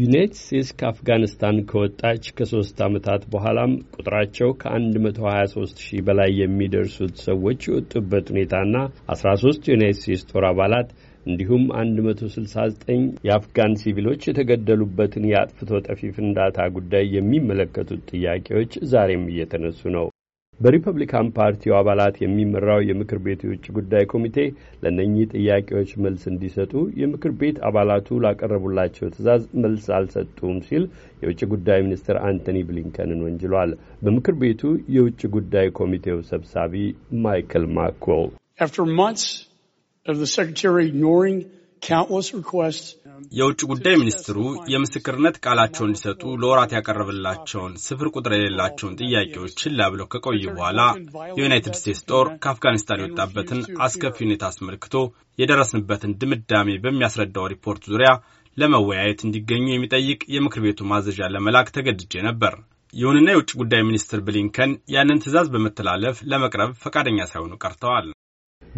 ዩናይትድ ስቴትስ ከአፍጋኒስታን ከወጣች ከሶስት ዓመታት በኋላም ቁጥራቸው ከ123 ሺህ በላይ የሚደርሱት ሰዎች የወጡበት ሁኔታና 13 የዩናይትድ ስቴትስ ጦር አባላት እንዲሁም 169 የአፍጋን ሲቪሎች የተገደሉበትን የአጥፍቶ ጠፊ ፍንዳታ ጉዳይ የሚመለከቱት ጥያቄዎች ዛሬም እየተነሱ ነው። በሪፐብሊካን ፓርቲው አባላት የሚመራው የምክር ቤት የውጭ ጉዳይ ኮሚቴ ለእነኚህ ጥያቄዎች መልስ እንዲሰጡ የምክር ቤት አባላቱ ላቀረቡላቸው ትዕዛዝ መልስ አልሰጡም ሲል የውጭ ጉዳይ ሚኒስትር አንቶኒ ብሊንከንን ወንጅሏል። በምክር ቤቱ የውጭ ጉዳይ ኮሚቴው ሰብሳቢ ማይክል ማኮ የውጭ ጉዳይ ሚኒስትሩ የምስክርነት ቃላቸውን እንዲሰጡ ለወራት ያቀረብላቸውን ስፍር ቁጥር የሌላቸውን ጥያቄዎች ችላ ብለው ከቆዩ በኋላ የዩናይትድ ስቴትስ ጦር ከአፍጋኒስታን የወጣበትን አስከፊ ሁኔታ አስመልክቶ የደረስንበትን ድምዳሜ በሚያስረዳው ሪፖርት ዙሪያ ለመወያየት እንዲገኙ የሚጠይቅ የምክር ቤቱ ማዘዣ ለመላክ ተገድጄ ነበር። ይሁንና የውጭ ጉዳይ ሚኒስትር ብሊንከን ያንን ትዕዛዝ በመተላለፍ ለመቅረብ ፈቃደኛ ሳይሆኑ ቀርተዋል።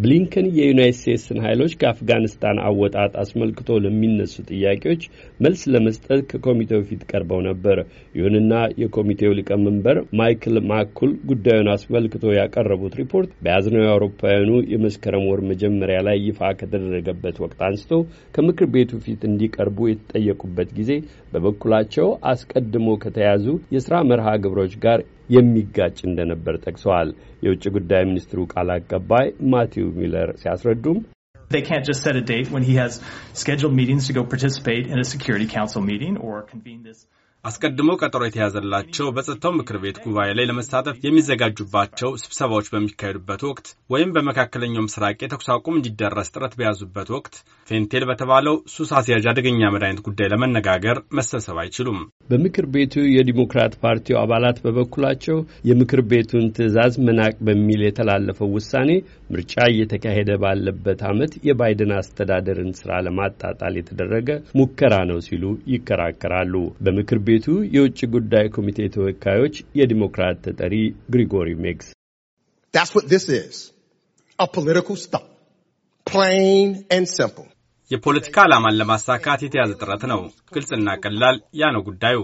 ብሊንከን የዩናይት ስቴትስን ኃይሎች ከአፍጋኒስታን አወጣጥ አስመልክቶ ለሚነሱ ጥያቄዎች መልስ ለመስጠት ከኮሚቴው ፊት ቀርበው ነበር። ይሁንና የኮሚቴው ሊቀመንበር ማይክል ማኩል ጉዳዩን አስመልክቶ ያቀረቡት ሪፖርት በያዝነው የአውሮፓውያኑ የመስከረም ወር መጀመሪያ ላይ ይፋ ከተደረገበት ወቅት አንስቶ ከምክር ቤቱ ፊት እንዲቀርቡ የተጠየቁበት ጊዜ በበኩላቸው አስቀድሞ ከተያዙ የስራ መርሃ ግብሮች ጋር They can't just set a date when he has scheduled meetings to go participate in a Security Council meeting or convene this. አስቀድሞ ቀጠሮ የተያዘላቸው በጸጥታው ምክር ቤት ጉባኤ ላይ ለመሳተፍ የሚዘጋጁባቸው ስብሰባዎች በሚካሄዱበት ወቅት ወይም በመካከለኛው ምስራቅ የተኩስ አቁም እንዲደረስ ጥረት በያዙበት ወቅት ፌንቴል በተባለው ሱስ አስያዥ አደገኛ መድኃኒት ጉዳይ ለመነጋገር መሰብሰብ አይችሉም። በምክር ቤቱ የዲሞክራት ፓርቲው አባላት በበኩላቸው የምክር ቤቱን ትዕዛዝ መናቅ በሚል የተላለፈው ውሳኔ ምርጫ እየተካሄደ ባለበት ዓመት የባይደን አስተዳደርን ስራ ለማጣጣል የተደረገ ሙከራ ነው ሲሉ ይከራከራሉ። በምክር ቤቱ የውጭ ጉዳይ ኮሚቴ ተወካዮች የዲሞክራት ተጠሪ ግሪጎሪ ሜግስ የፖለቲካ ዓላማን ለማሳካት የተያዘ ጥረት ነው። ግልጽና ቀላል ያ ነው ጉዳዩ።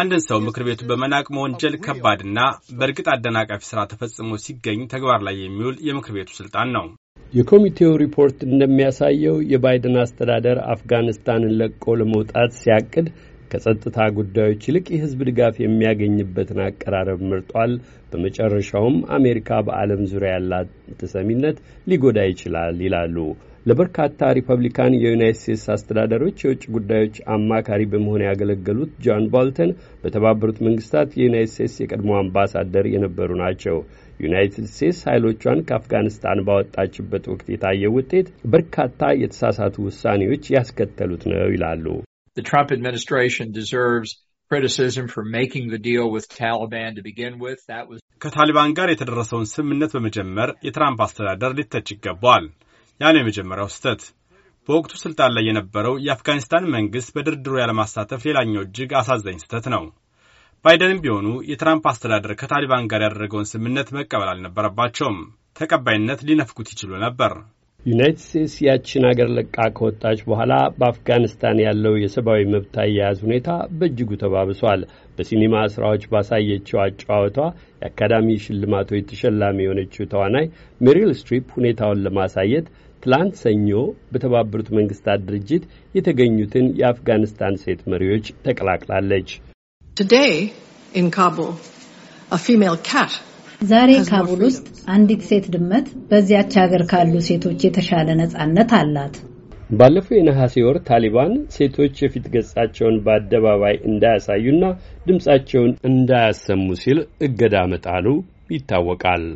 አንድን ሰው ምክር ቤቱ በመናቅ መወንጀል ከባድና በእርግጥ አደናቃፊ ሥራ ተፈጽሞ ሲገኝ ተግባር ላይ የሚውል የምክር ቤቱ ሥልጣን ነው። የኮሚቴው ሪፖርት እንደሚያሳየው የባይደን አስተዳደር አፍጋኒስታንን ለቆ ለመውጣት ሲያቅድ ከጸጥታ ጉዳዮች ይልቅ የህዝብ ድጋፍ የሚያገኝበትን አቀራረብ መርጧል። በመጨረሻውም አሜሪካ በዓለም ዙሪያ ያላት ተሰሚነት ሊጎዳ ይችላል ይላሉ። ለበርካታ ሪፐብሊካን የዩናይት ስቴትስ አስተዳደሮች የውጭ ጉዳዮች አማካሪ በመሆን ያገለገሉት ጆን ቦልተን በተባበሩት መንግስታት የዩናይት ስቴትስ የቀድሞ አምባሳደር የነበሩ ናቸው። ዩናይትድ ስቴትስ ኃይሎቿን ከአፍጋኒስታን ባወጣችበት ወቅት የታየው ውጤት በርካታ የተሳሳቱ ውሳኔዎች ያስከተሉት ነው ይላሉ። the Trump administration deserves criticism for making the deal with Taliban to begin with. That was ከታሊባን ጋር የተደረሰውን ስምምነት በመጀመር የትራምፕ አስተዳደር ሊተች ይገባዋል። ያ ነው የመጀመሪያው ስህተት። በወቅቱ ስልጣን ላይ የነበረው የአፍጋኒስታን መንግስት በድርድሩ ያለማሳተፍ ሌላኛው እጅግ አሳዛኝ ስህተት ነው። ባይደንም ቢሆኑ የትራምፕ አስተዳደር ከታሊባን ጋር ያደረገውን ስምምነት መቀበል አልነበረባቸውም። ተቀባይነት ሊነፍጉት ይችሉ ነበር። ዩናይትድ ስቴትስ ያችን አገር ለቃ ከወጣች በኋላ በአፍጋኒስታን ያለው የሰብአዊ መብት አያያዝ ሁኔታ በእጅጉ ተባብሷል። በሲኒማ ስራዎች ባሳየችው አጨዋወቷ የአካዳሚ ሽልማቶች ተሸላሚ የሆነችው ተዋናይ ሜሪል ስትሪፕ ሁኔታውን ለማሳየት ትላንት ሰኞ በተባበሩት መንግስታት ድርጅት የተገኙትን የአፍጋኒስታን ሴት መሪዎች ተቀላቅላለች። Today in Kabul, ዛሬ ካቡል ውስጥ አንዲት ሴት ድመት በዚያች ሀገር ካሉ ሴቶች የተሻለ ነጻነት አላት። ባለፈው የነሐሴ ወር ታሊባን ሴቶች የፊት ገጻቸውን በአደባባይ እንዳያሳዩና ድምፃቸውን እንዳያሰሙ ሲል እገዳ መጣሉ ይታወቃል።